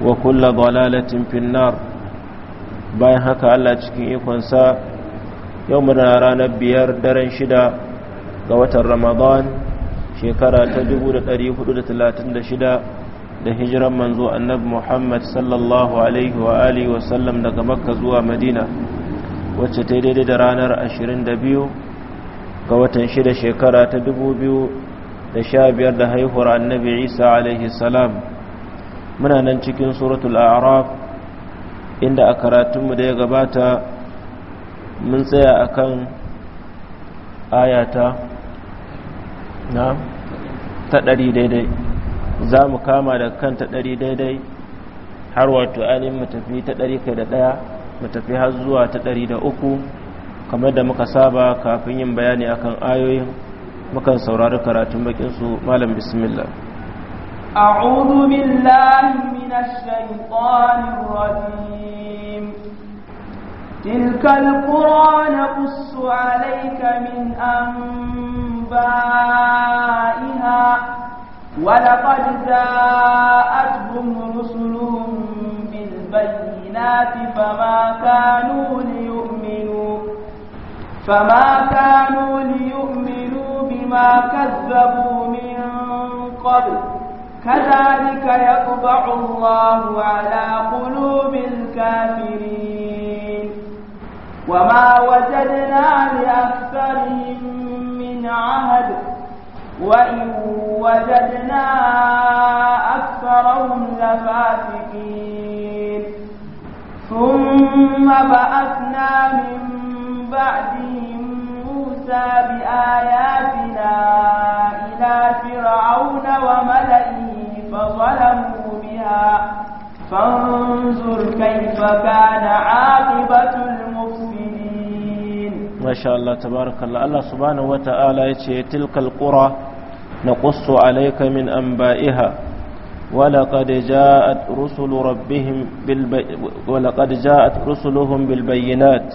wa kulla dalalatin finnar bayan haka Allah cikin ikonsa yau na ranar biyar daren shida ga watan ramadan shekara ta 1436 da hijiran manzo annabi muhammad sallallahu alaihi wa alihi wa sallam daga makka zuwa madina wacce ta daidai da ranar 22 ga watan shida shekara ta 2015 da haihuwar annabi isa alaihi salam muna nan cikin suratul a'raf inda a karatunmu da ya gabata mun tsaya akan ayata na ta ɗari daidai za mu kama da kan ta ɗari daidai har wato ainihin mu tafi ta ɗari kai da ɗaya mu tafi har zuwa ta ɗari da uku kamar da muka saba kafin yin bayani akan ayoyin mukan saurari karatun bakinsu malam bismillah أعوذ بالله من الشيطان الرجيم تلك القرى نقص عليك من أنبائها ولقد جاءتهم رسلهم بالبينات فما كانوا ليؤمنوا فما كانوا ليؤمنوا بما كذبوا من قبل كذلك يطبع الله على قلوب الكافرين وما وجدنا لأكثرهم من عهد وإن وجدنا أكثرهم لفاسقين ثم بأثنا من بعدهم موسى بآيات فانظر كيف كان عاقبة المفسدين ما شاء الله تبارك الله الله سبحانه وتعالى يتي تلك القرى نقص عليك من أنبائها ولقد جاءت رسل ربهم بالبي... ولقد جاءت رسلهم بالبينات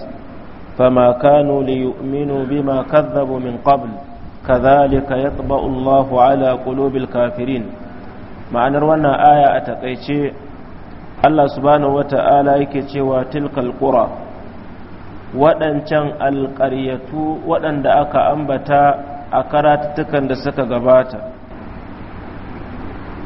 فما كانوا ليؤمنوا بما كذبوا من قبل كذلك يطبع الله على قلوب الكافرين ma'anar wannan aya a takaice Allah subhanahu ta’ala yake cewa tilkal ƙura. waɗancan alƙaryatu waɗanda aka ambata a karatuttukan da suka gabata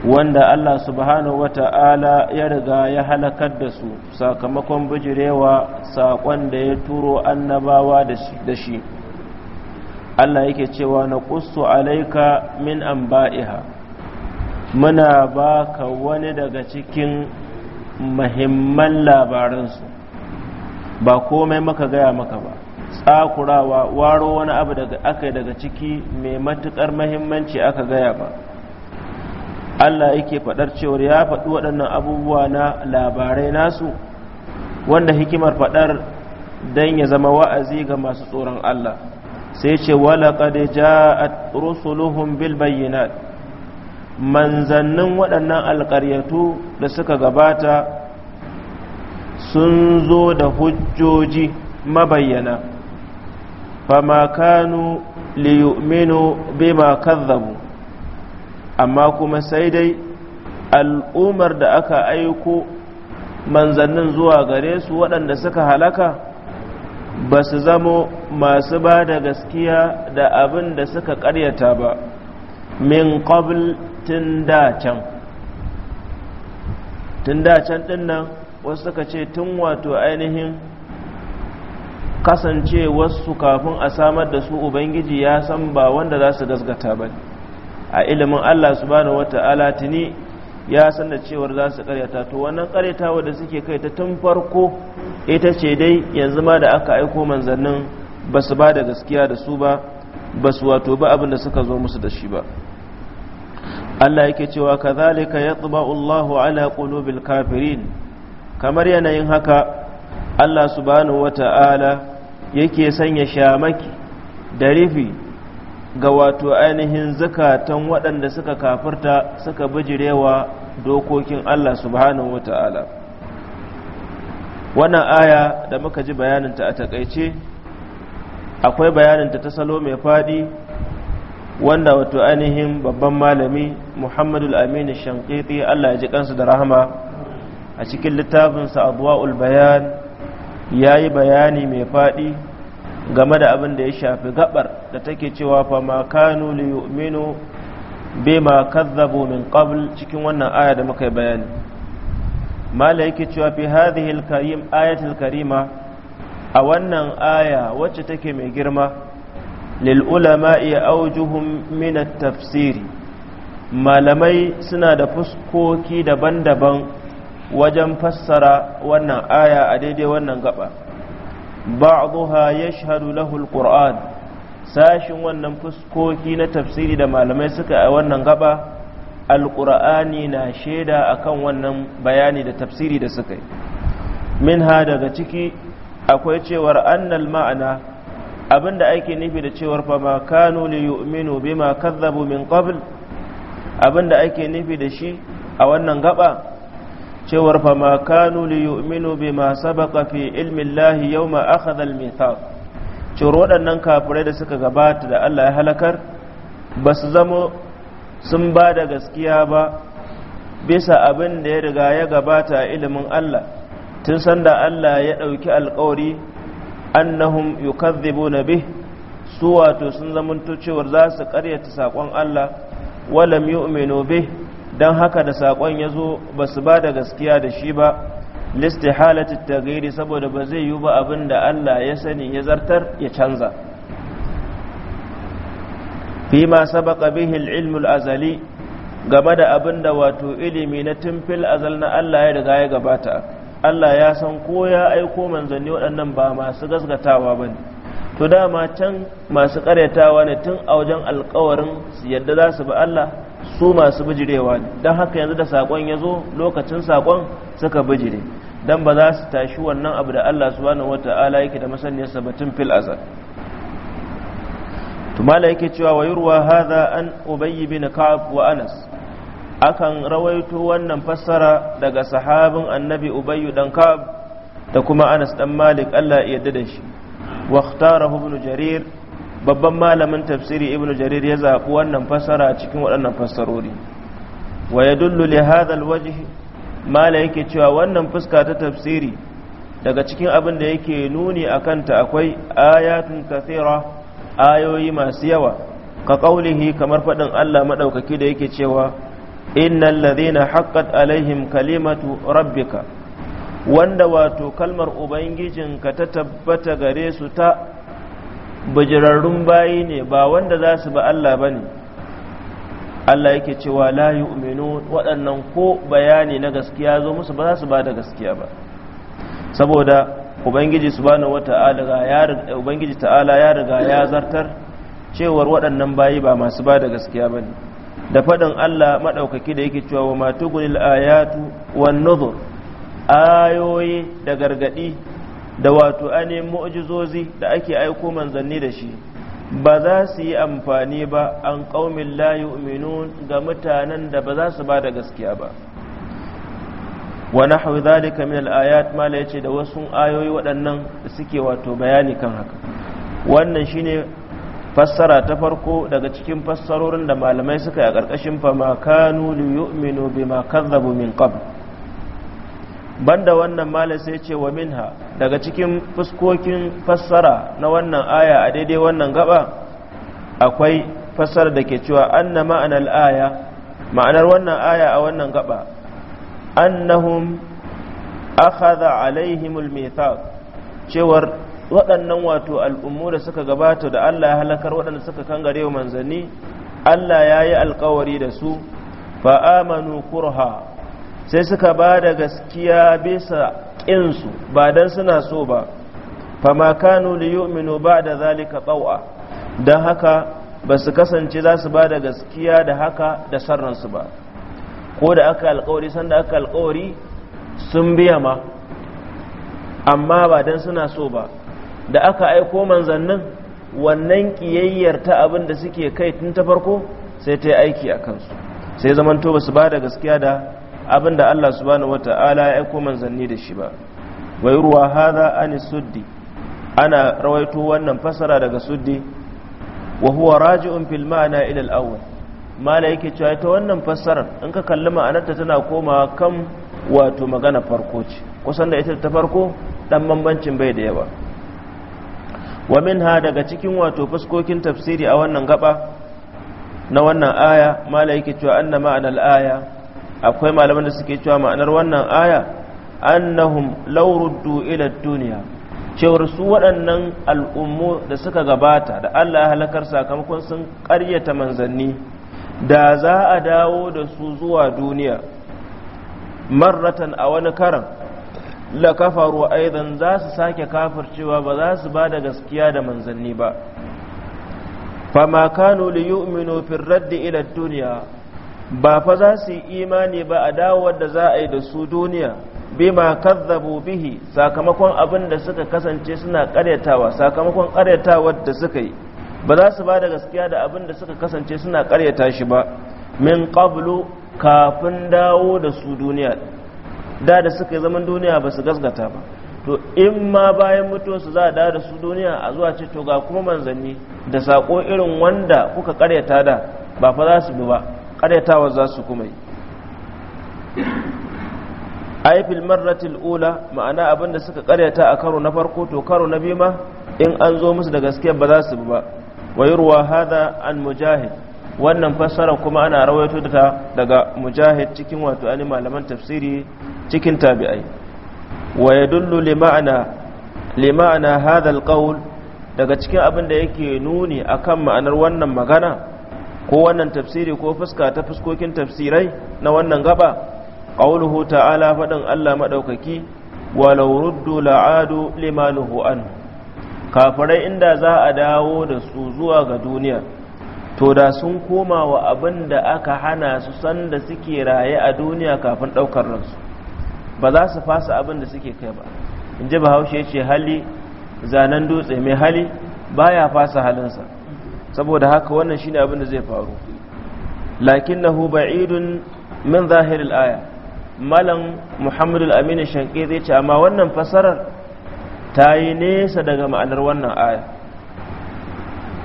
wanda Allah subhanahu wata'ala ya riga ya halakar da su sakamakon bijirewa saƙon da ya turo annabawa da shi Allah yake cewa na ƙusu alaika min an ba'iha muna baka wani daga cikin mahimman labaransu ba komai maka gaya maka ba tsakurawa waro wani abu daga aka daga ciki mai matukar mahimmanci aka gaya ba Allah yake faɗar cewa ya faɗi waɗannan abubuwa na labarai nasu wanda hikimar faɗar don ya zama wa'azi ga masu tsoron Allah sai ce walaƙa ja'at rusuluhum bil bayyinat manzannin waɗannan alƙaryatu da suka gabata sun zo da hujjoji mabayyana ma kanu liyuminu ma kazzabu amma kuma sai dai al'ummar da aka aiko manzannin zuwa gare su waɗanda suka halaka ba su zamo masu ba da gaskiya da abin da suka ƙaryata ba min ƙabil tun da can tun da can din nan wasu suka ce tun wato ainihin kasance kafin a samar da su ubangiji ya san ba wanda za su gasgata ba a ilimin allah su subhanahu wata'ala tuni ya san da cewar za su karyata to wannan karyatawa da suke kai ta tun farko ita ce dai yanzu ma da aka aiko manzannin ba su ba da gaskiya da su ba ba su wato ba abin da suka zo musu da shi ba Allah yake cewa kazalika yatba'u Allahu ala qulubil kafirin kamar yanayin haka Allah subhanahu wata'ala yake sanya shamaki da rifi ga wato ainihin zakatan waɗanda suka kafirta suka bijirewa dokokin Allah subhanahu wata'ala wannan aya da muka ji bayaninta a takaice akwai bayaninta ta salo mai faɗi wanda wato ainihin babban malami muhammadu aminu shankiti allah ya ji kansu da rahama a cikin littafinsa abuwa'ul bayan ya yi bayani mai faɗi game da abin da ya shafi gabar da take cewa fa ma kanu li yu'minu ma kazzabu min qabl cikin wannan aya da muka yi bayani mala yake cewa fi hadhihi al-karim ayatul karima a wannan aya wacce take mai girma lil ulama ya aujuhum min at-tafsiri malamai suna da fuskoki daban-daban wajen fassara wannan aya a daidai wannan gaba ba'dha yashhadu lahu alquran sashin wannan fuskoki na tafsiri da malamai suka a wannan gaba alqur'ani na shaida akan wannan bayani da tafsiri da suka yi minha daga ciki akwai cewar annal ma'ana abinda ake nufi da cewar fa ma kanu yu'minu bima kazzabu min qabl abin da ake nufi da shi a wannan gaba cewar fama kanu li yu'minu bima sabaqa fi ilmi Allah yawma akhadha al-mithaq cewar waɗannan kafirai da suka gabata da Allah ya halakar ba su zama sun ba da gaskiya ba bisa abin da ya riga ya gabata a ilimin Allah tun sanda Allah ya ɗauki alƙawari annahum yukazzibuna bih su wato sun zamanto cewar za su ƙaryata saƙon Allah walam yu'minu bih dan haka da sakon yazo basu ba da gaskiya da shi ba listihalati taghyiri saboda ba zai yi ba abinda Allah ya sani ya zartar ya canza fima sabaqa bihi al-ilm al-azali game da abinda wato ilimi na timfil azal na Allah ya riga ya gabata Allah ya san ko ya aiko manzanni waɗannan ba masu gasgatawa bane to dama can masu karyatawa ne tun a wajen alkawarin yadda za su bi Allah su masu bijirewa ne don haka yanzu da saƙon ya zo lokacin saƙon suka bijire don ba za su tashi wannan abu da Allah su wata wata'ala yake da masaniyar sabatin fil azar tumala yake cewa wa yurwa haza an ubayyi bin ka'ab wa anas akan rawaito wannan fassara daga sahabin annabi ubayyu dan ka'ab da kuma anas dan malik Allah ya yarda da shi واختاره ابن جرير babban malamin tafsiri ibnu jarir ya zaɓi wannan fassara cikin waɗannan fassarori wa ya dullu li hadhal wajh mala yake cewa wannan fuska ta tafsiri daga cikin abin da yake nuni akan ta akwai ayatun kathira ayoyi masu yawa ka qaulihi kamar faɗin Allah madaukaki da yake cewa innal ladhina haqqat alaihim kalimatu rabbika wanda wato kalmar ubangijinka ta tabbata gare su ta bujirarrun bayi ne ba wanda za su ba Allah ba ne Allah yake cewa la yu'minu waɗannan ko bayani na gaskiya zo musu ba za su ba da gaskiya ba saboda ubangiji subhanahu wata'ala ya ubangiji ta'ala ya riga ya zartar cewar waɗannan bayi ba masu ba da gaskiya ba ne da faɗin Allah maɗaukaki da yake cewa wa matugunil ayatu wan nuzur ayoyi da gargadi da wato ane mu'jizozi da ake aiko manzanni da shi ba za su yi amfani ba an ƙaumin layi uminun ga mutanen da ba za su ba da gaskiya ba wani hau zalika min al'ayat mala ya ce da wasu ayoyi waɗannan da suke wato bayani kan haka wannan shine fassara ta farko daga cikin fassarorin da malamai suka yi a ƙarƙashin famakanu li yu'minu bima kadhabu min qabl banda wannan malam sai ce wa minha daga cikin fuskokin fassara na wannan aya a daidai wannan gaba akwai fassara da ke cewa anna ma'anar aya ma'anar wannan aya a wannan gaba annahum akhadha alaihimul mithaq cewar waɗannan wato al'ummu da suka gabata da Allah ya halakar waɗanda suka kangare wa manzanni Allah ya yi alkawari da su fa amanu kurha sai suka ba da gaskiya bisa ƙinsu ba don suna so ba fama kanu li yu'minu ba da zalika ɓau'a don haka ba su kasance za su ba da gaskiya da haka da sarransu ba ko da aka alƙawari sanda aka alƙawari sun biya ma amma ba don suna so ba da aka aiko manzannin wannan ƙiyayyar ta abin da suke kai tun ta farko sai ta yi aiki a kansu sai zamanto ba su ba da gaskiya da abin da Allah subhanahu wata'ala ya aiko manzanni da shi ba wai ruwa hadha an suddi ana rawaito wannan fasara daga suddi wa huwa raji'un fil ma'na ila al-awwal mala yake cewa ita wannan fassarar in ka kalli ma'anarta tana komawa kan wato magana farko ce kusan da ita ta farko dan bambancin bai da yawa wa min ha daga cikin wato fuskokin tafsiri a wannan gaba na wannan aya mala yake cewa anna ma'anar aya akwai malaman da suke cewa ma'anar wannan aya annahum lauruddu ila duniya cewar su waɗannan al'ummu da suka gabata da Allah ya halakar sakamakon sun ƙaryata manzanni da za a dawo da su zuwa duniya marratan a wani karan la kafaru aidan za su sake kafircewa ba za su ba da gaskiya da manzanni ba ma kanu li yu'minu fi raddi ila duniya ba fa za su yi imani ba a dawowar da za a yi da su duniya bima kazzabu bihi sakamakon abin da suka kasance suna karyatawa sakamakon karyatawar da suka yi ba za su ba da gaskiya da abin da suka kasance suna karyata shi ba min qablu kafin dawo da su duniya da da suka yi zaman duniya ba su gasgata ba to in ma bayan su za a dawo da su duniya a zuwa ce to ga kuma manzanni da sako irin wanda kuka karyata da ba fa za su bi ba karyatawa za su kuma yi ai fil marratil ula ma'ana abinda suka karyata a karo na farko to karo na bima in an zo musu da gaskiya ba za su ba wa hada an mujahid wannan fassara kuma ana rawaito ta daga mujahid cikin wato ani malaman tafsiri cikin tabi'ai wa yadullu li ma'ana li ma'ana daga cikin abin da yake nuni akan ma'anar wannan magana ko wannan tafsiri ko fuska ta fuskokin tafsirai na wannan gaba qauluhu ta'ala faɗin Allah maɗaukaki walau ruddu la'adu limanuhu an kafirai inda za a dawo da su zuwa ga duniya to da sun koma wa abinda aka hana su sanda suke raye a duniya kafin ɗaukar ransu ba za su fasa abin da suke kai ba in ji bahaushe ce hali zanen dutse mai hali baya fasa halinsa saboda haka wannan shine abin da zai faru lakinnahu ba'idun min zahiril aya malam muhammadu al-amin shanke zai ce amma wannan fasarar ta yi nesa daga ma'anar wannan aya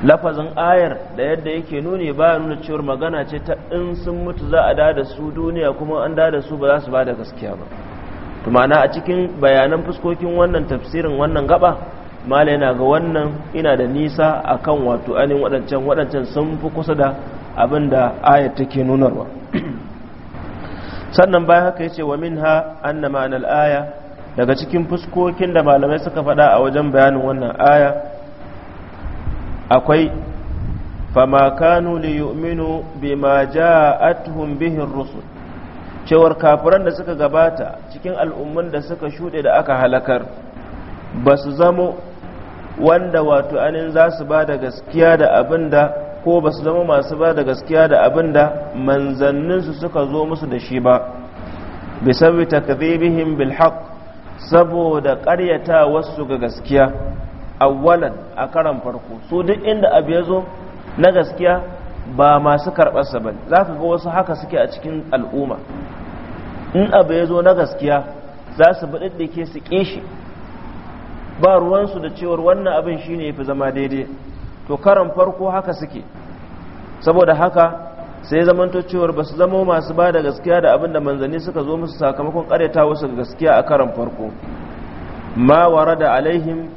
lafazin ayar da yadda yake nuni ba nuna cewar magana ce ta in sun mutu za a da su duniya kuma an da su ba za su bada gaskiya ba tumana a cikin bayanan fuskokin wannan tafsirin wannan gaba mala yana ga wannan ina da nisa akan wato ainihin waɗancan waɗancan sun fi kusa da abin da ayat take nunarwa sannan bayan haka ya ce wa min ha an na ma'anar aya daga cikin fuskokin da malamai suka faɗa a wajen bayanin wannan aya akwai fama kanu li yu'minu bima ja'atuhum bihi ar-rusul cewar kafiran da suka gabata cikin al'umman da suka shuɗe da aka halakar ba su zamo wanda wato anin za su ba da gaskiya da abin da ko ba su zama masu ba da gaskiya da abin da manzanninsu suka zo musu da shi ba bisabi takzibihim bilhaq bilhak saboda karyata wasu ga gaskiya awwalan a karan farko su duk inda abu ya zo na gaskiya ba masu karɓarsa ba za ka ga wasu haka suke a cikin al'umma in abu ya zo na gaskiya za su baɗaɗɗake su ƙi shi ba ruwansu da cewar wannan abin shi shine fi zama daidai to karan farko haka suke saboda haka sai zamanto cewar ba su zama masu ba da gaskiya da abin da manzanni suka zo musu sakamakon karyata wasu gaskiya a karan farko ma da alaihim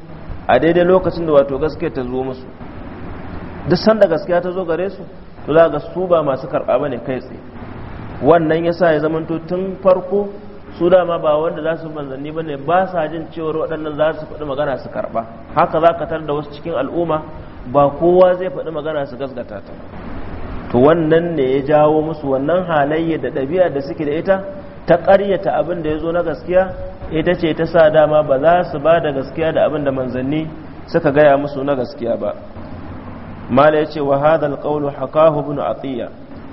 a daidai lokacin da wato gaskiya ta zo musu duk sanda gaskiya ta zo gare su to za ga su ba masu karɓa bane kai tsaye wannan yasa ya zamanto tun farko su dama ba wanda za su manzanni ba ne ba sa jin cewar waɗannan za su faɗi magana su karɓa haka za ka tar da wasu cikin al'umma ba kowa zai faɗi magana su gasgata ta to wannan ne ya jawo musu wannan halayya da ɗabi'a da suke da ita ta ƙaryata abin da ya zo na gaskiya ita ce ta sa dama ba za su ba da gaskiya da abin da manzanni suka gaya musu na gaskiya ba mala ya ce wa hadal qawlu hakahu ibn atiyah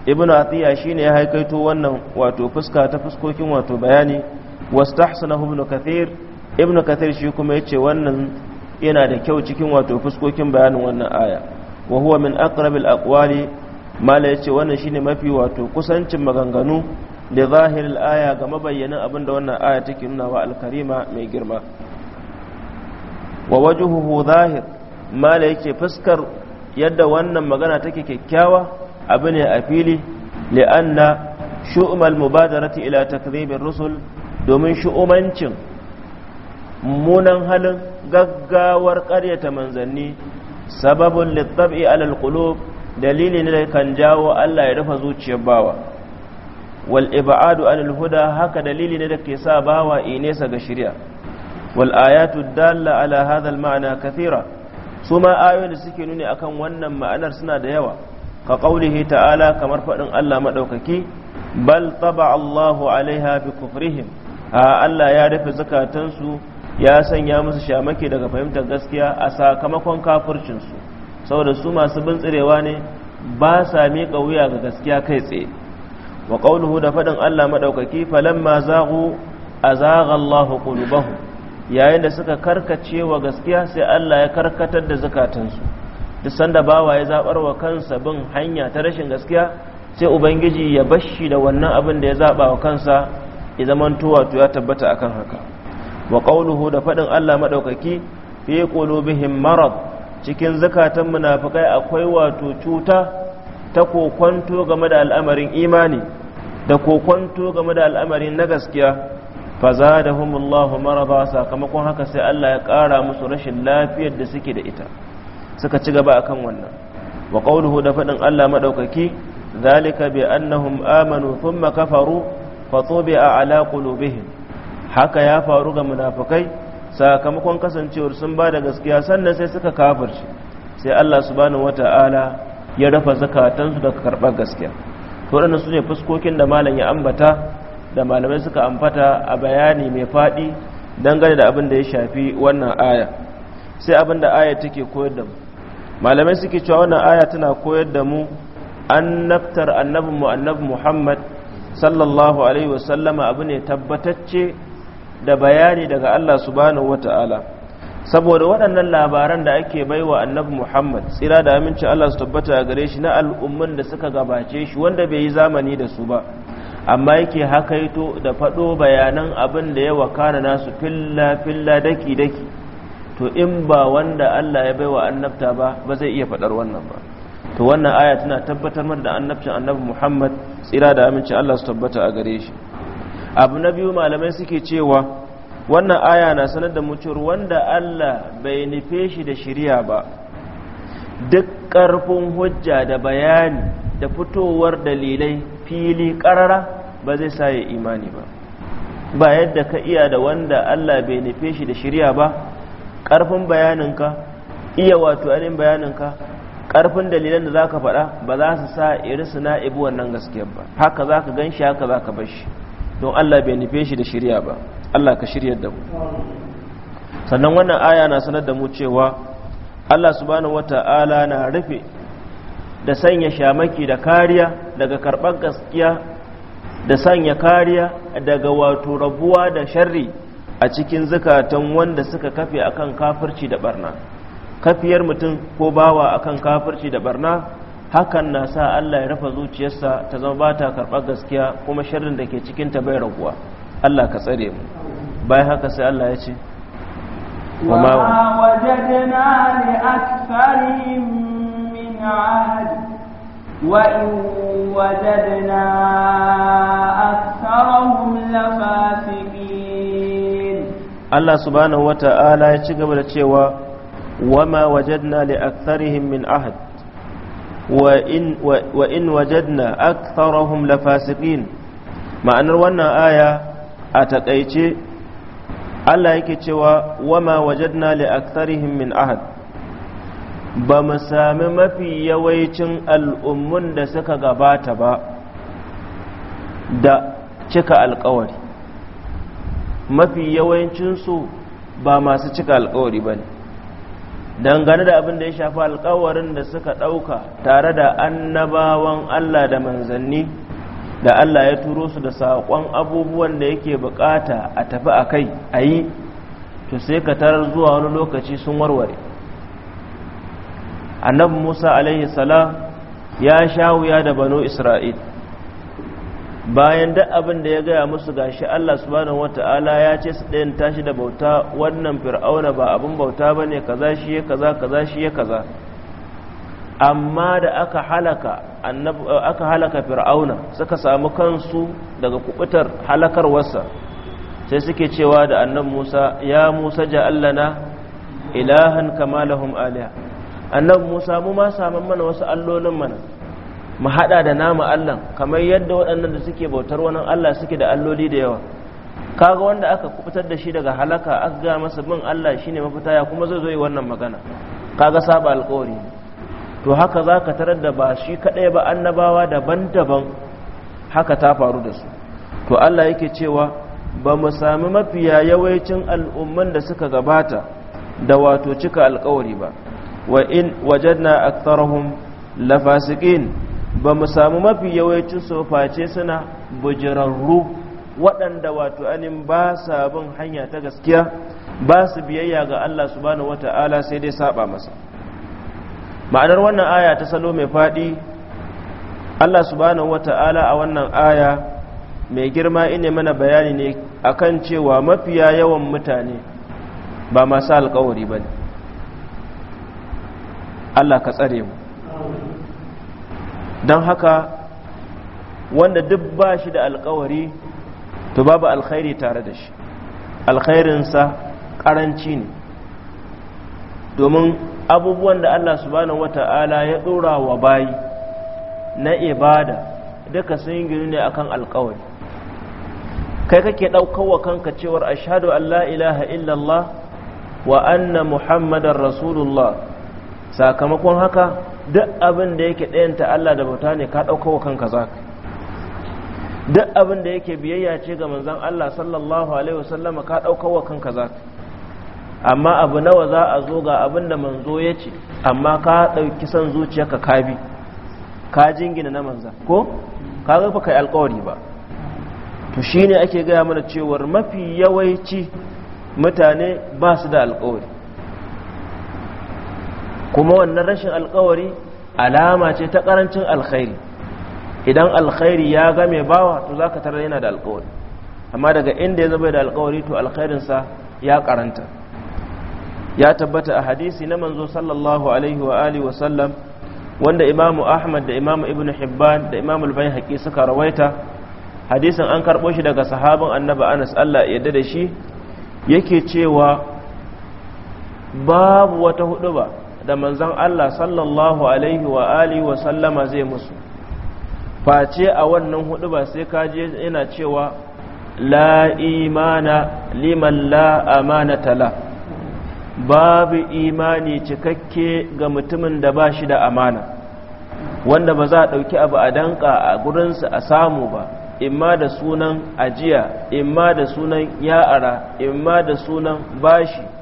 ibnu atiya shine ya haikaito wannan wato fuska ta fuskokin wato bayani wastahsanahu ibnu kathir ibnu kathir shi kuma yace wannan yana da kyau cikin wato fuskokin bayanin wannan aya wa huwa min aqrabil aqwali mala yace wannan shine mafi wato kusancin maganganu da zahirin aya ga mabayyanin abin da wannan aya take nuna wa alkarima mai girma wa wajuhu zahir mala yake fuskar yadda wannan magana take kyakkyawa abu ne a fili li'anna shu'umal mubadarati ila takdhibir rusul domin shu'umancin munan halin gaggawar ƙaryata manzanni sababin littabi alal qulub dalili ne da kan jawo Allah ya rufe zuciyar bawa wal ibadu anil huda haka dalili ne da ke sa bawa inesa ga shari'a wal ayatu dalla ala hadha al ma'na kathira suma ayoyin da suke nuni akan wannan ma'anar suna da yawa ka ƙaunihi ta'ala kamar faɗin Allah maɗaukaki bal taba Allahu alaiha bi kufrihim a Allah ya rufe zakatansu ya sanya musu shamaki daga fahimtar gaskiya a sakamakon kafircinsu saboda su masu bintsirewa ne ba sa miƙa wuya ga gaskiya kai tsaye wa qauluhu da faɗin Allah maɗaukaki falamma zaghu azagha Allahu kulubahu. yayin da suka karkace wa gaskiya sai Allah ya karkatar da zakatansu duk sanda bawa ya zabar wa kansa bin hanya ta rashin gaskiya sai ubangiji ya bashi da wannan abin da ya zaba wa kansa ya zamanto wato ya tabbata akan haka wa qawluhu da fadin Allah madaukaki fi qulubihim marad cikin zakatan munafikai akwai wato cuta ta kokwanto game da al'amarin imani da kokonto game da al'amarin na gaskiya fazadahumullahu marada sakamakon haka sai Allah ya kara musu rashin lafiyar da suke da ita suka ci gaba akan wannan wa qauluhu da fadin Allah madaukaki zalika bi annahum amanu thumma kafaru fa tubi'a ala qulubihim haka ya faru ga munafikai sakamakon kasancewar sun ba da gaskiya sannan sai suka kafirce sai Allah subhanahu wata'ala ya rafa zakatansu daga karbar gaskiya to waɗannan su ne fuskokin da malam ya ambata da malamai suka amfata a bayani mai faɗi dangane da abin da ya shafi wannan aya sai abin da aya take koyar da mu malamai suke cewa wannan aya tana koyar da mu naftar annabinmu annabi muhammad sallallahu alaihi wasallama abu ne tabbatacce da bayani daga allah subhanahu wata'ala saboda waɗannan labaran da ake baiwa annabi muhammad tsira da aminci allah su tabbata a gare shi na al'ummun da suka gabace shi wanda bai yi zamani da su ba amma yake hakaito da faɗo bayanan abin da ya wakana nasu filla filla daki daki to in ba wanda Allah ya baiwa annabta ba ba zai iya faɗar wannan ba to wannan aya tana tabbatar mana da annabcin annabi Muhammad tsira da aminci Allah su tabbata a gare shi abu na biyu malamai suke cewa wannan aya na sanar da mutuwar wanda Allah bai nufe shi da shiriya ba duk ƙarfin hujja da bayani da fitowar dalilai fili ƙarara ba zai sa ya imani ba ba yadda ka iya da wanda Allah bai nufe shi da shiriya ba ƙarfin bayaninka iya wato ainihin bayaninka ƙarfin dalilan da za ka faɗa ba za su sa iri suna ibi wannan gaskiyar ba haka za ka gan shi haka za ka bashi don allah bai nufe shi da shirya ba allah ka shirya da mu sannan wannan aya na sanar da mu cewa allah subhanahu ta'ala na rufe da sanya shamaki da kariya daga karɓar gaskiya da sanya kariya daga wato rabuwa da sharri a cikin zakatan wanda suka kafe akan kafirci da barna kafiyar mutum ko bawa akan kafirci da barna hakan na sa Allah ya rafa zuciyarsa ta zama ba ta karɓar gaskiya kuma sharrin da ke cikin ta bai raguwa Allah ka tsare mu bayan haka sai Allah ya ce Wa وما min لأكثرهم من عهد وإن وجدنا أكثرهم لفاسقين Allah subhanahu wata'ala ya ci gaba da cewa wama wajadna li aktharihim min ahad wa in wa in wajadna aktharahum lafasiqin ma'anar wannan aya a takaice Allah yake cewa wama wajadna li aktharihim min ahad ba mu sami mafi yawaicin al'ummun da suka gabata ba da cika alkawari mafi yawancinsu ba masu cika alkawari ba ne dangane da abin da ya shafi alkawarin da suka ɗauka tare da annabawan allah da manzanni da allah ya turo su da saƙon abubuwan da yake buƙata a tafi a kai a yi to sai ka tarar zuwa wani lokaci sun warware annabi musa alaihi salam ya sha wuya da banu isra'il bayan da abin da ya gaya musu gashi Allah subhanahu wata'ala ya ce su ɗayan tashi da bauta wannan fir'auna ba abin bauta ba ne kaza shi ya kaza kaza shi ya kaza amma da aka halaka aka halaka fir'auna suka samu kansu daga kubutar halakarwarsa sai suke cewa da annan musa ya musa ja allana ilahan kama lahum aliha annan musa mu ma saman mana wasu allolin mana mu hada da namu Allah kamar yadda waɗannan da suke bautar wani Allah suke da alloli da yawa kaga wanda aka fitar da shi daga halaka aka ga masa bin Allah shine mafita ya kuma zai zo yi wannan magana kaga saba alƙawari to haka za ka tarar da ba shi kaɗai ba annabawa daban-daban haka ta faru da su to Allah yake cewa ba mu sami mafiya yawancin al'umman da suka gabata da wato cika alƙawari ba wa in wajadna aktharahum lafasiqin ba mu samu mafi yawancin soface suna bujirarru waɗanda wato anin ba sa bin hanya ta gaskiya ba su biyayya ga Allah subhanahu wata'ala sai dai saba masa ma'anar wannan aya ta salo mai faɗi Allah subhanahu wata'ala a wannan aya mai girma ine mana bayani ne akan cewa mafiya yawan mutane ba masu alkawari ba ne Allah ka tsare mu don haka wanda duk ba shi da alkawari to babu alkhairi tare da shi alkhairinsa karanci ne domin abubuwan da Allah subhanahu ya dora wa bayi na ibada duka sun gini ne akan alkawari kai kake wa kanka cewar ashadu an ilaha illallah wa anna muhammadar rasulullah sakamakon haka duk abin da yake ɗayanta Allah da bauta ne ka ɗauko wa kanka za ka duk abin da yake biyayya ce ga manzan Allah sallallahu alaihi wasallama ka ɗauko wa kanka za ka amma abu nawa za a zo ga abin da manzo ya ce amma ka ɗauki son zuciyarka ka bi ka jingina na manza ko ka zafa fa kai alkawari ba to shine ake gaya mana cewar mafi yawanci mutane ba su da alkawari kuma wannan rashin alkawari alama ce ta karancin alkhairi idan alkhairi ya ga mai bawa to za ka tarar yana da alkawari amma daga inda ya zaba da alkawari to alkhairinsa ya karanta ya tabbata a hadisi na manzo sallallahu alaihi wa alihi wa sallam wanda imamu ahmad da imamu ibnu hibban da imamu al suka rawaita hadisin an karbo shi daga sahabin annabi anas Allah ya yarda da shi yake cewa babu wata huduba da manzan Allah sallallahu alaihi wa alihi wa sallama zai musu face a wannan hudu ba sai kaje yana cewa la imana liman la tala. tala babu imani cikakke ga mutumin da ba shi da amana wanda ba za a ɗauki abu a danka a gurinsa a samu ba imma da sunan ajiya imma da sunan ya'ara imma da sunan bashi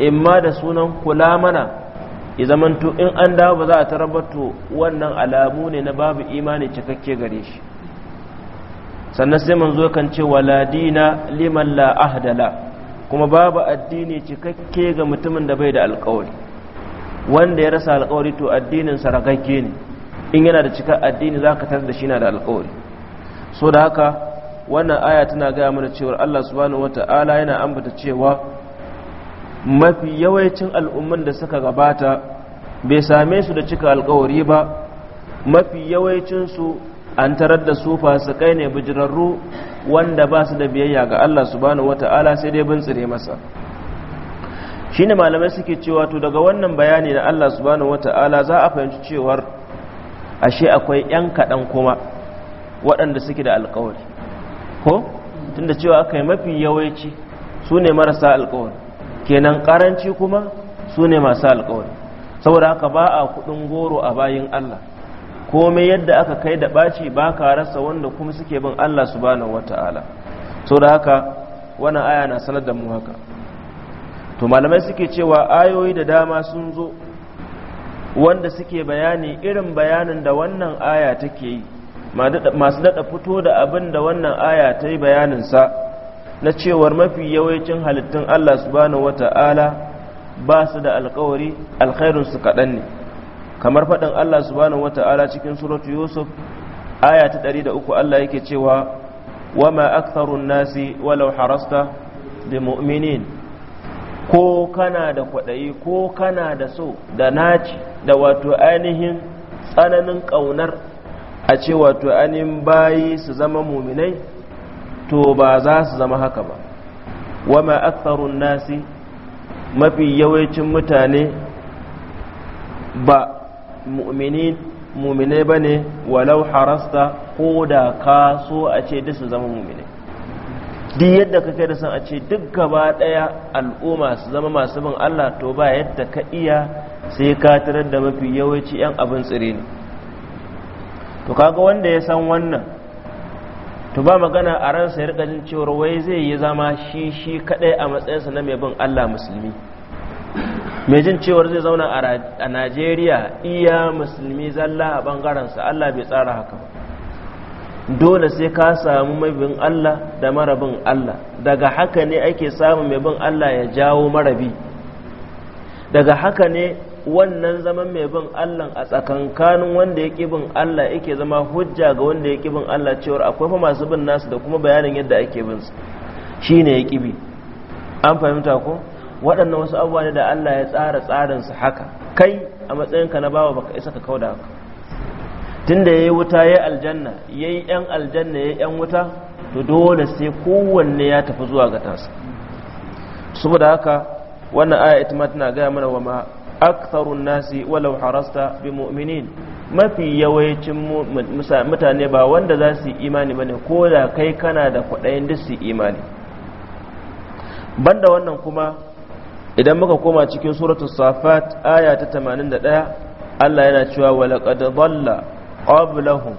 In ma da sunan kula mana ya zamanto in an dawo ba za a tarabatu wannan alamu ne na babu imani cikakke gare shi sannan sai manzo kan ce Ladina liman la ahdala kuma babu addini cikakke ga mutumin da bai da alkawari wanda ya rasa alkawari to addinin sa ragagge ne in yana da cika addini zaka tar da shi na da alkawari so da haka wannan aya tana gaya mana cewa Allah subhanahu wataala yana ambata cewa mafi yawancin al'umman da suka gabata bai same su da cika alkawari ba mafi yawancinsu an tarar da su fasikai ne bijirarru wanda ba su da biyayya ga Allah subhanahu wata'ala sai dai bin tsire masa shine malamai suke cewa to daga wannan bayani da Allah subhanahu wata'ala za a fahimci cewar ashe akwai yan kaɗan kuma waɗanda suke da alkawari ko tunda cewa aka yi mafi yawanci su ne marasa alkawari kenan karanci kuma su ne masu alkawari saboda haka ba a kudin goro a bayin Allah komai yadda aka kai da ɓaci ba ka rasa wanda kuma suke bin Allah su subhanahu wata'ala saboda haka wannan aya na sanar da mu haka to malamai suke cewa ayoyi da dama sun zo wanda suke bayani irin bayanin da wannan aya take yi masu daɗa fito da abin da wannan aya ta yi bayaninsa na cewar mafi yawancin halittun Allah subhanahu wata'ala ba su da alkawari alkhairun su kaɗan ne kamar faɗin Allah subhanahu wata'ala cikin suratu Yusuf aya ta 103 Allah yake cewa wa ma aktharun nasi walau harasta bi mu'minin ko kana da kwaɗayi ko kana da so da naci da wato ainihin tsananin ƙaunar a ce wato ainihin bayi su zama muminai to ba za su zama haka ba wama aktharun nasi mafi yawancin mutane ba mu'mini mumine ba ne walau harasta ko da ka so a ce duk su zama mumine duk yadda ka kai da san a ce duk gaba ɗaya al'umma su zama masu bin Allah to ba yadda ka iya sai ka tarar da mafi yawanci 'yan abin tsire ne to kaga wanda ya san wannan to ba magana a ransa ya rika jin cewar wai zai yi zama shi shi kadai a matsayinsa na mai bin Allah musulmi mai jin cewar zai zauna a Najeriya iya musulmi zalla a bangarensa Allah bai tsara haka ba dole sai ka samu mai Allah da mara bin Allah daga haka ne ake samun mai bin Allah ya jawo marabi daga haka ne wannan zaman mai bin Allah a tsakankanin wanda ya ƙi bin Allah yake zama hujja ga wanda ya ƙi bin Allah cewar akwai fa masu bin nasu da kuma bayanin yadda ake bin su shi ne ya ƙi bi an fahimta ko waɗannan wasu abubuwa ne da Allah ya tsara tsarinsu haka kai a matsayinka na bawa baka isa ka kauda haka tunda yayi wuta yayi aljanna yayi yan aljanna yayi yan wuta to dole sai kowanne ya tafi zuwa ga tasa saboda haka wannan aya ita ma tana gaya mana wa ma aktharun nasi walau harasta bi mu'minin yawancin mutane ba wanda za su yi imani bane ko da kai kana da kwaɗayin da su imani banda wannan kuma idan muka koma cikin suratul safat aya ta 81 Allah yana cewa walaqad dhalla qablahum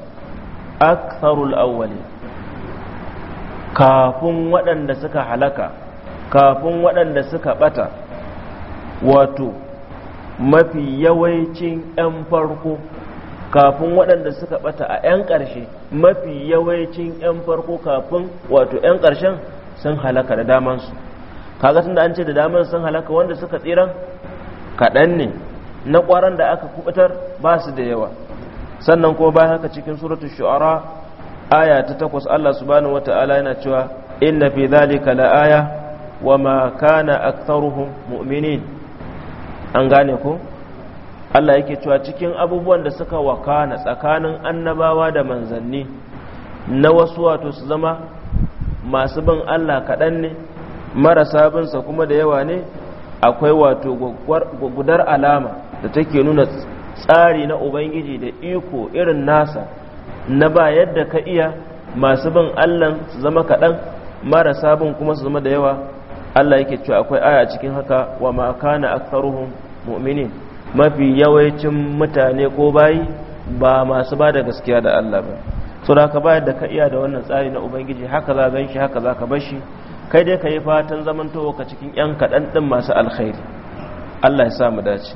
aktharul awwalin kafin waɗanda suka halaka kafin waɗanda suka bata wato mafi yawancin 'yan farko kafin waɗanda suka ɓata a 'yan ƙarshe mafi yawancin 'yan farko kafin wato 'yan ƙarshen sun halaka da damansu kaga tunda an ce da daman sun halaka wanda suka tsira kaɗan ne na ƙwaron da aka kubutar ba su da yawa sannan ko bayan haka cikin suratul shu'ara aya ta takwas Allah subhanahu wata'ala yana cewa inna fi dhalika la aya wa ma kana aktharuhum mu'minin an gane ku Allah yake cewa cikin abubuwan da suka wakana tsakanin annabawa da manzanni na wasu wato su zama masu bin Allah kaɗan ne marasa binsa kuma da yawa ne akwai wato gudar alama da take nuna tsari na ubangiji da iko irin nasa na ba yadda ka iya masu bin allah su zama kaɗan marasa bin kuma su zama da yawa allah yake cewa akwai aya cikin haka wa makana aktaruhum mu'minin mafi yawancin mutane ko bayi ba masu ba da gaskiya da Allah ba so da ka bayar da ka iya da wannan tsari na ubangiji haka za gan shi haka za ka bar shi kai dai ka yi fatan zamantowa ka cikin yan kaɗan ɗin masu alkhairi Allah ya sa mu dace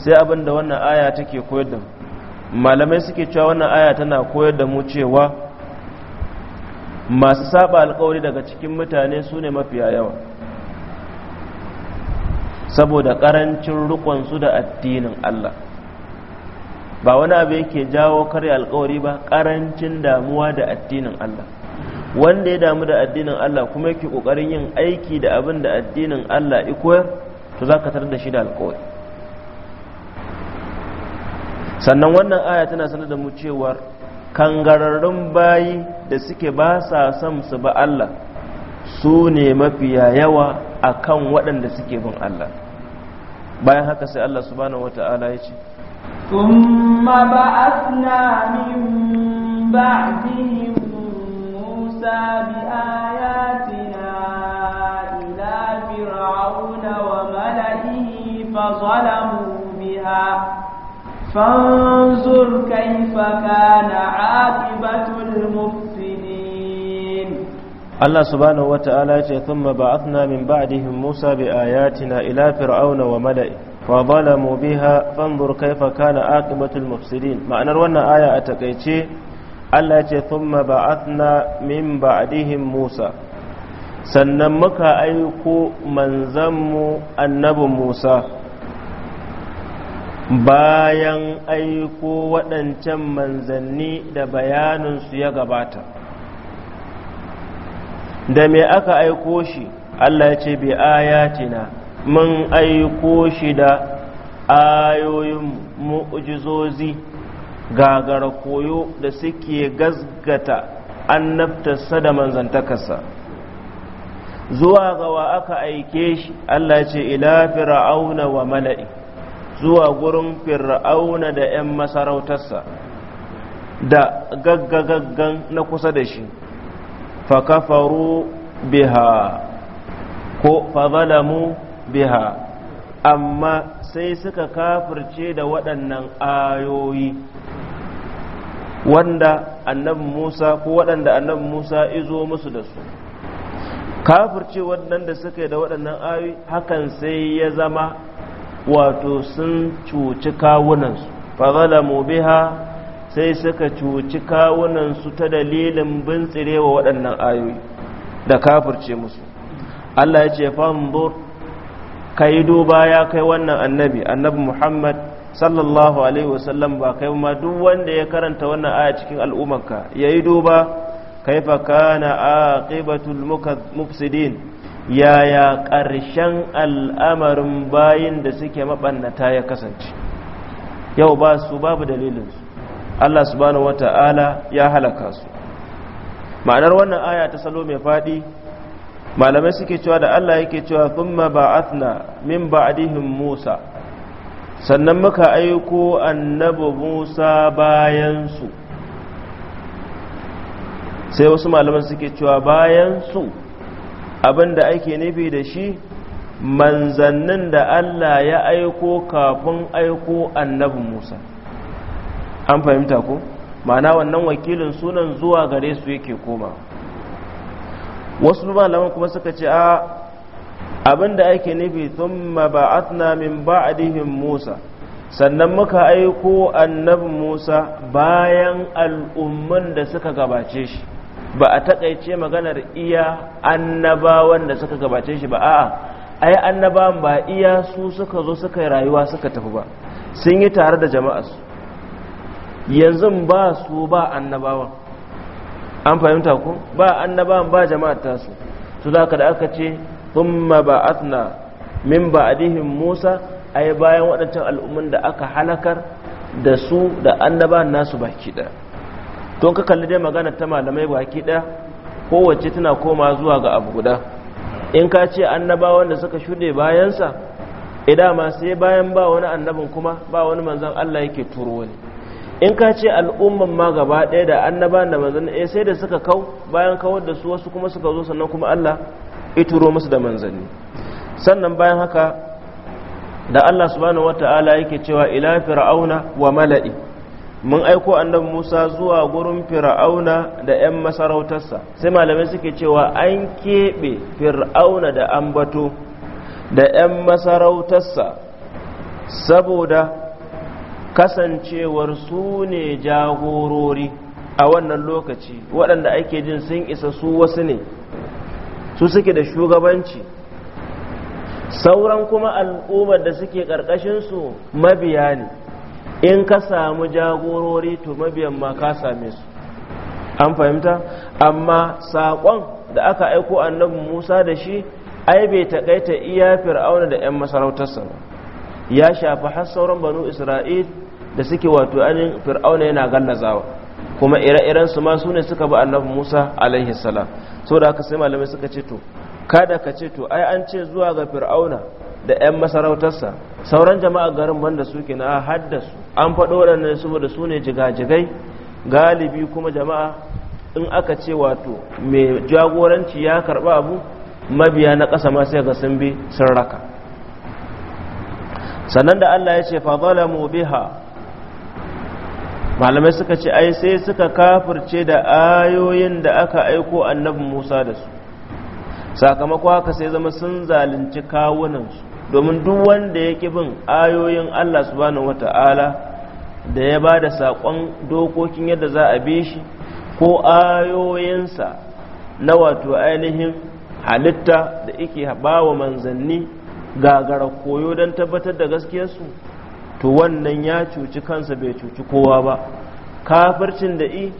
sai abinda da wannan aya take koyar da mu malamai suke cewa wannan aya tana koyar da mu cewa masu saba alkawari daga cikin mutane su ne mafiya yawa saboda ƙarancin su da addinin Allah ba wani abu yake jawo karya alkawari ba ƙarancin damuwa da addinin Allah wanda ya damu da addinin Allah kuma yake ƙoƙarin yin aiki da abin da addinin Allah iko koyar to za ka da shi da alkawari sannan wannan aya tana sanar da mu cewar kangararrun bayi da suke ba sa son su ba Allah su ne mafiya yawa akan waɗanda suke bin Allah bayan haka sai Allah subhanahu wata'ala ya ce thumma ba'athna min ba'dihim Musa bi ayatina ila fir'auna wa mala'ihi fa zalamu biha fanzur kayfa kana 'aqibatul Allah subhanahu Ta'ala ya ce thumma ba'athna min ba'dihim Musa bi ayatina ila fir'auna wa mala'i wa zalamu biha fanzur kaifa kana aqibatul mufsidin ma'anar wannan aya a takeice Allah ya ce thumma ba'athna min ba'dihim Musa sannan muka aiko manzanmu annabi Musa bayan aiko waɗancan manzanni da bayaninsu ya gabata da me aka aiko shi Allah ya ce bi ayatina mun aiko shi da ayoyin mu'jizozi gagara koyo da suke gazgata annabtarsa da manzantakarsa zuwa gawa aka aike shi Allah ya ce ila fir'auna wa mala'i zuwa gurin fir'auna da 'yan masarautarsa da gaggagaggan na kusa da shi فكفروا بها فظلموا بها أما سيسك كافر تشيد ودنا آيوي wanda annabi Musa ko waɗanda annabi Musa izo musu da su kafirce waɗanda suka yi da waɗannan ayoyi hakan sai ya zama wato sun cuci kawunansu fa zalamu biha sai suka cuci kawunansu ta dalilin bin tsirewa waɗannan ayoyi da kafirce musu Allah ya ce fambur ka yi duba ya kai wannan annabi annabi muhammad sallallahu alaihi wasallam ba kai ma duk wanda ya karanta wannan aya cikin al'ummarka ya yi duba kaifa kana aqibatul mufsidin yaya ƙarshen al'amarin bayin da suke maɓannata ya kasance yau ba su babu dalilinsu Allah subhanahu Taala ya halaka su ma'anar wannan aya ta salo mai faɗi malamai suke cewa da Allah yake cewa thumma ba'athna min ba'dihim Musa sannan muka aiko annabi Musa bayan su sai wasu malaman suke cewa bayan su abinda ake nufi da shi manzannin da Allah ya aiko kafin aiko annabi Musa an fahimta ko ma'ana wannan wakilin sunan zuwa gare su yake koma wasu malaman kuma suka ce a abinda ake nufi thumma ba'athna min ba'dihim Musa sannan muka aiko annabi Musa bayan al'umman da suka gabace shi ba a takaice maganar iya annabawan da suka gabace shi ba a'a ai annabawan ba iya su suka zo suka rayuwa suka tafi ba sun yi tare da su yanzu ba su ba annabawan an fahimta ku ba annabawan ba jama'a ta su Su ka da aka ce thumma ba'athna min ba'dihim Musa ai bayan waɗancan al'umman da aka halakar da su da annabawan nasu baki ɗaya To ka kalli dai magana ta malamai baki ɗaya kowace tana koma zuwa ga abu guda in ka ce annabawan da suka shuɗe bayansa idan eh, ma sai bayan ba wani annabin kuma ba wani manzon Allah yake turo wani in ka ce al'umman ma gaba ɗaya da annaba da manzan ɗaya eh, sai da suka kau bayan kawar da su wasu kuma suka zo sannan kuma Allah ya turo musu da manzanni sannan bayan haka da Allah subhanahu wata'ala yake cewa ila fir'auna wa mala'i mun aiko annabi Musa zuwa gurin fir'auna da 'yan masarautarsa sai malamai suke cewa an keɓe fir'auna da an bato da 'yan masarautarsa saboda kasancewar su ne jagorori a wannan lokaci waɗanda ake jin sun isa su wasu ne su suke da shugabanci sauran kuma al'ummar da suke ƙarƙashinsu mabiya ne in ka samu jagorori to mabiyan ma ka same su an fahimta amma saƙon da aka aiko annabi musa da shi ai bai taƙaita iya fir'auna da 'yan masarautarsa ba ya shafi har sauran banu isra'il da suke wato anin fir'auna yana gallazawa kuma ire-iren su ma sune suka bi annabi Musa alaihi salam so da haka sai malamai suka ce to kada ka ce to ai an ce zuwa ga fir'auna da 'yan masarautarsa sauran jama'a garin banda suke na haddasu an faɗo waɗannan saboda su ne jigajigai galibi kuma jama'a in aka ce wato mai jagoranci ya karɓa abu mabiya na ƙasa ma sai ga sun bi sun raka sannan da Allah ya ce fa biha malamai suka ce ai sai suka kafirce da ayoyin da aka aiko annabi Musa da su sakamako haka sai zama sun zalunci kawunansu domin duk wanda ya bin ayoyin Allah subhanahu wata'ala da ya ba da sakon dokokin yadda za a bi shi ko ayoyinsa na wato ainihin halitta da ike ba wa manzanni gagara koyo don tabbatar da gaskiyarsu to wannan ya cuci kansa bai cuci kowa ba kafircin da i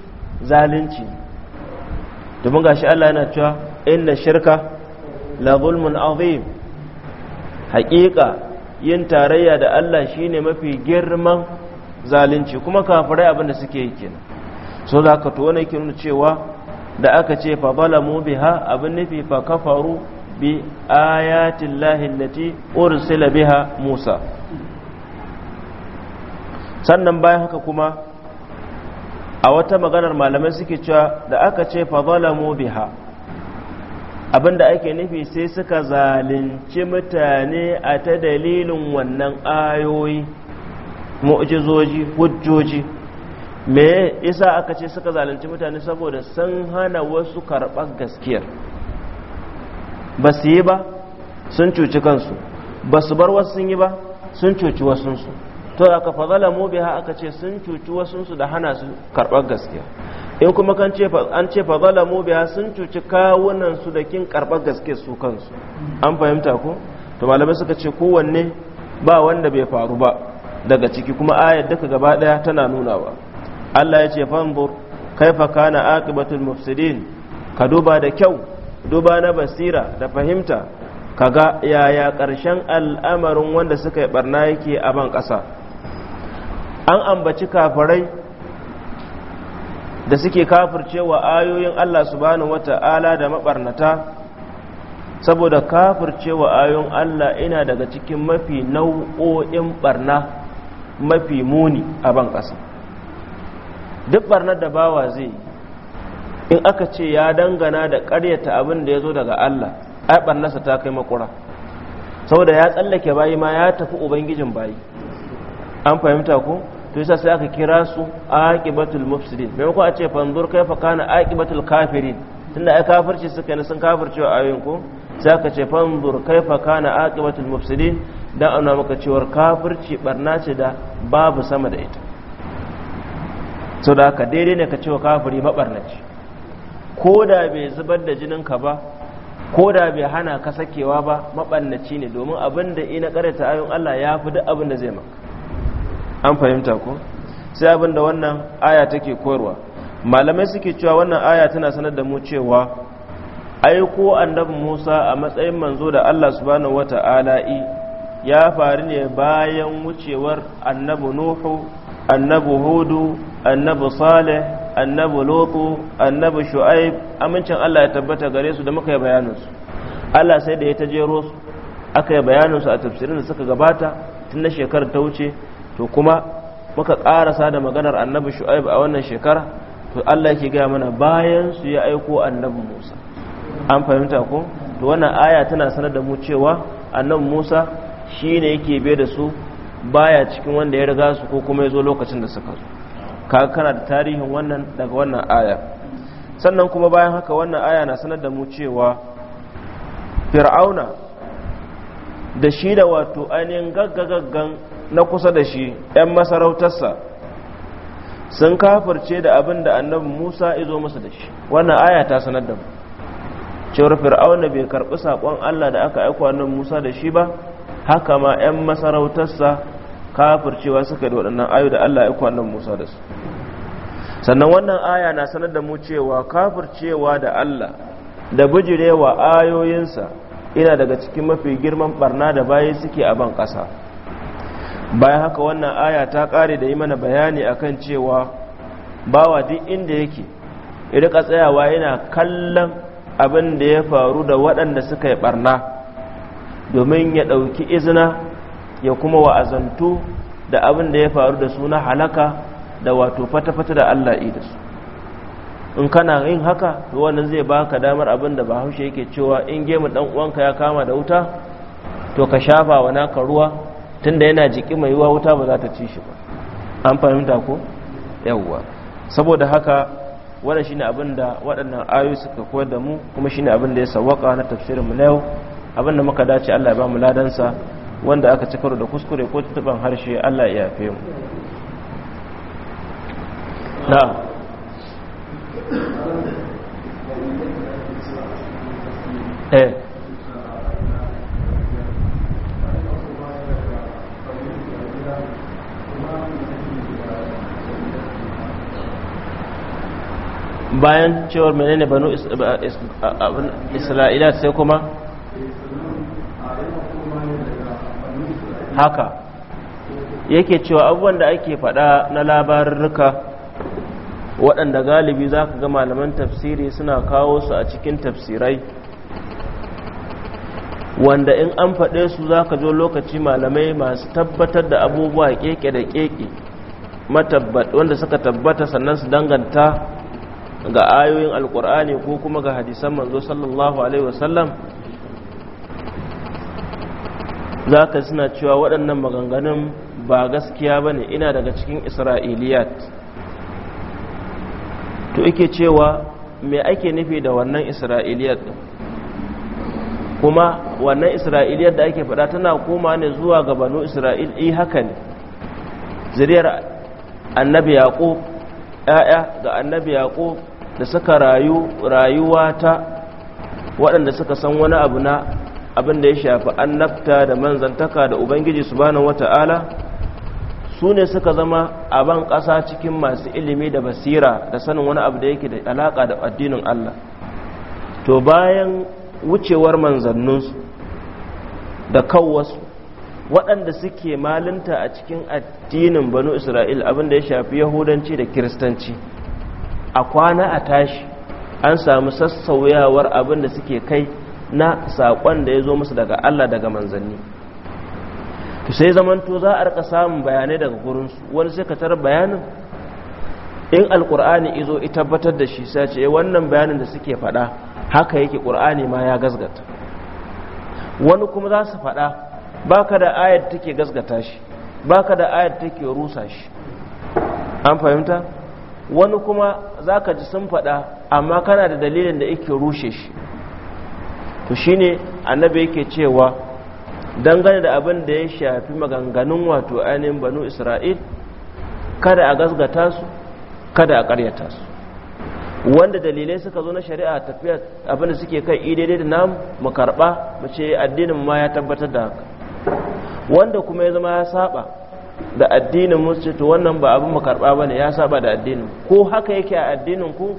zalunci domin gashi Allah yana cewa inna shirka la zulmun azim haƙiƙa yin tarayya da Allah shine mafi girman zalunci kuma kafirai abin da suke yi kenan so za ka yake nuna cewa da aka ce fa zalamu biha abin nufi fa kafaru bi ayatin lahillati ursila biha musa sannan bayan haka kuma a wata maganar malamai suke cewa da aka ce fa zalamu biha abinda ake nufi sai suka zalunci mutane a ta dalilin wannan ayoyi mu'jizoji hujjoji me isa aka ce suka zalunci mutane saboda sun hana wasu karɓar gaskiyar ba su yi ba sun cuci kansu ba su bar wasu sun yi ba sun cuci wasunsu to aka fadala mu biha aka ce sun cuci wasunsu da hana su karɓar gaskiya in kuma kan ce an ce fadala mu biha sun cuci kawunan su da kin karɓar gaske su kansu an fahimta ko to malamai suka ce kowanne ba wanda bai faru ba daga ciki kuma ayar duka gaba daya tana nuna ba Allah ya ce fanzur kaifa kana aqibatul mufsidin ka duba da kyau duba na basira da fahimta kaga yaya ƙarshen al'amarin wanda suka yi barna yake a ban ƙasa an ambaci kafirai da suke kafircewa ayoyin Allah subhanahu wata'ala da mabarnata saboda kafircewa ayoyin Allah ina daga cikin mafi nau'o'in barna mafi muni a ban ƙasa duk barnar da bawa zai in aka ce ya dangana da ƙaryata abin da ya zo daga Allah ai barnasa ta kai makura saboda ya tsallake bayi ma ya tafi ubangijin bayi an fahimta ko to yasa sai aka kira su aqibatul mufsidin maimakon a ce fanzur kaifa kana aqibatul kafirin tunda ai kafirci suka ne sun kafircewa ayoyin ko sai aka ce fanzur kaifa kana aqibatul mufsidin dan ana maka cewar kafirci barna ce da babu sama da ita saboda haka daidai ne ka cewa kafiri mabarnaci ko da bai zubar da jinin ka ba ko da bai hana ka sakewa ba maɓannaci ne domin abin da ina karanta ayon Allah ya fi duk abin da zai maka an fahimta ko sai abin da wannan aya take koyarwa malamai suke cewa wannan aya tana sanar da mu cewa aiko annabi Musa a matsayin manzo da Allah subhanahu wata'ala ya faru ne bayan wucewar annabi Nuhu annabi Hudu annabi Saleh annabi lutu annabi shu'aib amincin Allah ya tabbata gare su da muka yi bayanin Allah sai da ya tajero su aka yi bayanin su a tafsirin da suka gabata tun na shekarar ta wuce to kuma muka karasa da maganar annabi shu'aib a wannan shekara to Allah yake gaya mana bayan su ya aiko annabi Musa an fahimta ko to wannan aya tana sanar da mu cewa annabi Musa shine yake bai da su baya cikin wanda ya riga su ko kuma ya zo lokacin da suka zo kaga kana da tarihin wannan daga wannan aya sannan kuma bayan haka wannan aya na sanar da mu cewa fir'auna da shi da wato ainihin gaggagaggan na kusa da shi 'yan masarautarsa sun kafirce da abin da annabi musa izo musu da shi wannan aya ta sanar da mu cewar fir'auna bai karɓi saƙon allah da aka aiko annabi musa da shi ba haka ma 'yan masarautarsa kafircewa suka da waɗannan ayo da Allah ya kwanan Musa da su sannan wannan aya na sanar da mu cewa kafircewa da Allah da bijirewa ayoyinsa ina daga cikin mafi girman barna da bayi suke a ban ƙasa bayan haka wannan aya ta ƙare da yi mana bayani akan cewa bawa duk inda yake rika tsayawa yana kallon abin da ya faru da waɗanda suka yi ɓarna domin ya ɗauki izina ya kuma wa'azantu da abin da ya faru da su na halaka da wato fata-fata da Allah yi da su in kana yin haka to wannan zai baka damar abin da bahaushe yake cewa in gemu dan uwanka ya kama da wuta to ka shafa wa naka ruwa tunda yana jiki mai ruwa wuta ba za ta ci shi ba an fahimta ko yawwa saboda haka wannan shine abin da waɗannan ayoyi suka koyar da mu kuma shine abin da ya sawaka na tafsirin mu na yau abin da muka dace Allah ya ba mu ladansa wanda aka ci karo da kuskure ko harshe Allah ya yafe mu eh. bayan cewar menene banu isra'ila sai kuma haka yake cewa abubuwan da ake faɗa na labarurruka waɗanda galibi za ka ga malaman tafsiri suna kawo su a cikin tafsirai wanda in an faɗe su za ka zo lokaci malamai masu tabbatar da abubuwa keke da keke wanda suka tabbata sannan su danganta ga ayoyin alkur'ani ko kuma ga hadisan manzo sallallahu alaihi wasallam za ka suna cewa waɗannan maganganun ba gaskiya ba ne ina daga cikin isra'iliyat to ike cewa me ake nufi da wannan isra'iliyat kuma wannan isra'iliyar da ake faɗa tana koma ne zuwa ga banu isra'il i eh, haka ne zuriyar annabi yaƙo yaya ga annabi yaƙo da suka rayu rayuwa ta waɗanda suka san wani abu na abin da ya shafi annabta da manzantaka da ubangiji subhanahu wata'ala su ne suka zama a ban ƙasa cikin masu ilimi da basira da sanin wani abu da yake da alaƙa da addinin Allah to bayan wucewar manzanninsu da kawwasu waɗanda suke malinta a cikin addinin banu isra'il abin da ya shafi yahudanci da kiristanci a kwana a tashi an samu sassauyawar abin da suke kai na saƙon da ya zo musu daga Allah daga manzanni to sai zamanto za a rika samun bayanai daga gurinsu wani sai ka tarar bayanin in alƙur'ani izo i tabbatar da shi sai ce eh, wannan bayanin da suke faɗa haka yake ƙur'ani ma ya gazgata wani kuma za su faɗa ba ka da ayat take gazgata shi ba ka da ayat take rusa shi an fahimta wani kuma za ka ji sun faɗa amma kana da dalilin da yake rushe shi to shi ne annabi yake cewa dangane da abin da ya shafi maganganun wato ainihin banu isra'il kada a gasgata su kada a karyata su wanda dalilai suka zo na shari'a tafiya abinda suke kai idai da namu mu karba mu ce addinin ma ya tabbatar da haka wanda kuma ya zama ya saba da addinin musu to wannan ba abin mu ba bane ya saba da addinin ko haka yake a addinin ku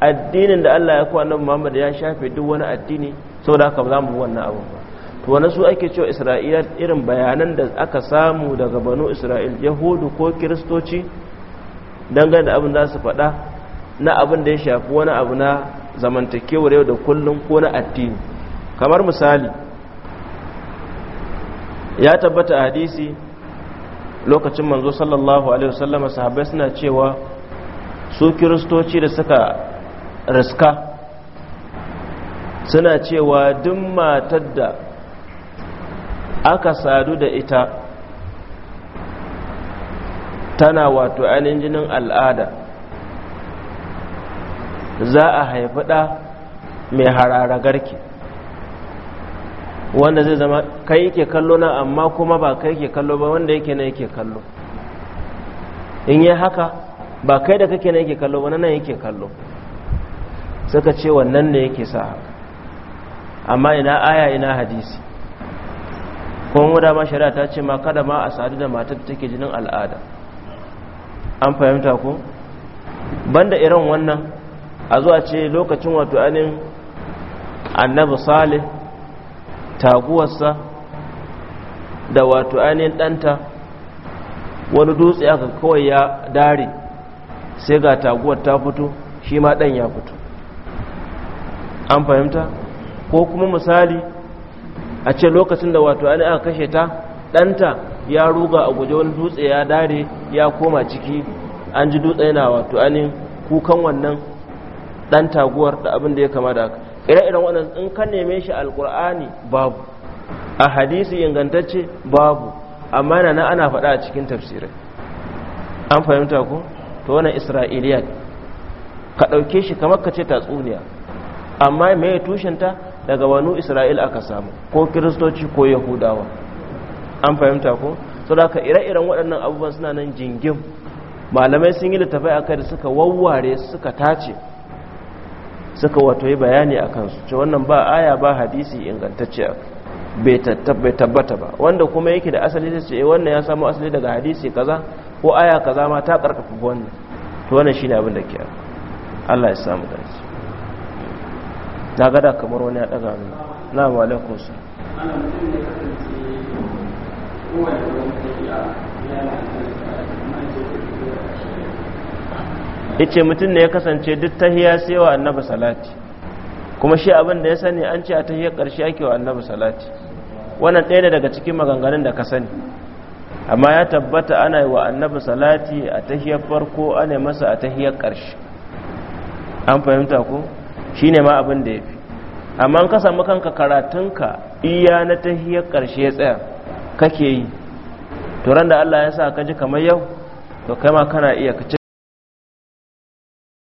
addinin da Allah ya kwa annabi Muhammad ya shafe duk wani addini saboda haka za mu bi wannan abin ba to wani su ake cewa isra'ila irin bayanan da aka samu daga banu isra'il yahudu ko kiristoci dangane da abin za su faɗa na abin da ya shafi wani abu na zamantakewar yau da kullun ko na addini kamar misali ya tabbata hadisi lokacin manzo sallallahu alaihi wasallam sahabbai suna cewa su kiristoci da suka riska suna cewa duk matar da aka sadu da ita tana wato ainihin jinin al'ada za a haifi ɗa mai harara garki wanda zai zama kai yake kallo na amma kuma ba kai yake kallo ba wanda yake na yake kallo in yi haka ba kai da kake na yake kallo ba nan yake kallo suka ce wannan ne yake sa haka amma ina aya ina hadisi ko mu da ma shari'a ta ce ma kada ma a sadu da matar da take jinin al'ada an fahimta ko banda irin wannan a zuwa ce lokacin wato anin annabi salih taguwarsa da wato anin ɗanta wani dutse aka kawai ya dare sai ga taguwar ta fito shi ma ɗan ya fito an fahimta ko kuma misali a ce lokacin da wato ani aka kashe ta ɗanta ya ruga a guje wani dutse ya dare ya koma ciki an ji dutse yana wato an kukan wannan ɗan taguwar da abin da ya kama da ire-iren wannan in ka neme shi alkur'ani babu a hadisi ingantacce babu amma na ana faɗa a cikin tafsirai an fahimta ko to wannan isra'iliya ka ɗauke shi kamar ka ce tatsuniya amma mai tushenta daga wani isra'il aka samu ko kiristoci ko yahudawa an fahimta ko sau da ka ire-iren waɗannan abubuwan suna nan jingin malamai sun yi littafai a kai da suka wawware suka tace suka wato yi bayani a kansu ce wannan ba aya ba hadisi ingantacce bai tabbata ba wanda kuma yake da asali da ce eh, wannan ya samu asali daga hadisi kaza ko aya kaza ma ta karkafa wannan to wannan shine abin da ke Allah ya samu dace na gada kamar wani ya daga ne na malakun su ice mutum ne ya kasance duk tahiya sai wa annabi salati kuma shi abin da ya sani an ce a tahiyar ƙarshe ake wa annabi salati wannan ɗaya ne daga cikin maganganun da ka sani amma ya tabbata ana yi wa annabi salati a tahiyar farko ana masa a tahiyar ƙarshe an fahimta ko Shi ne ma abin da ya fi amma ka samu kanka karatunka iya na tahiyar ƙarshe ya tsaya kake yi to da Allah ya sa ka ji kamar yau to kai ma kana iya ka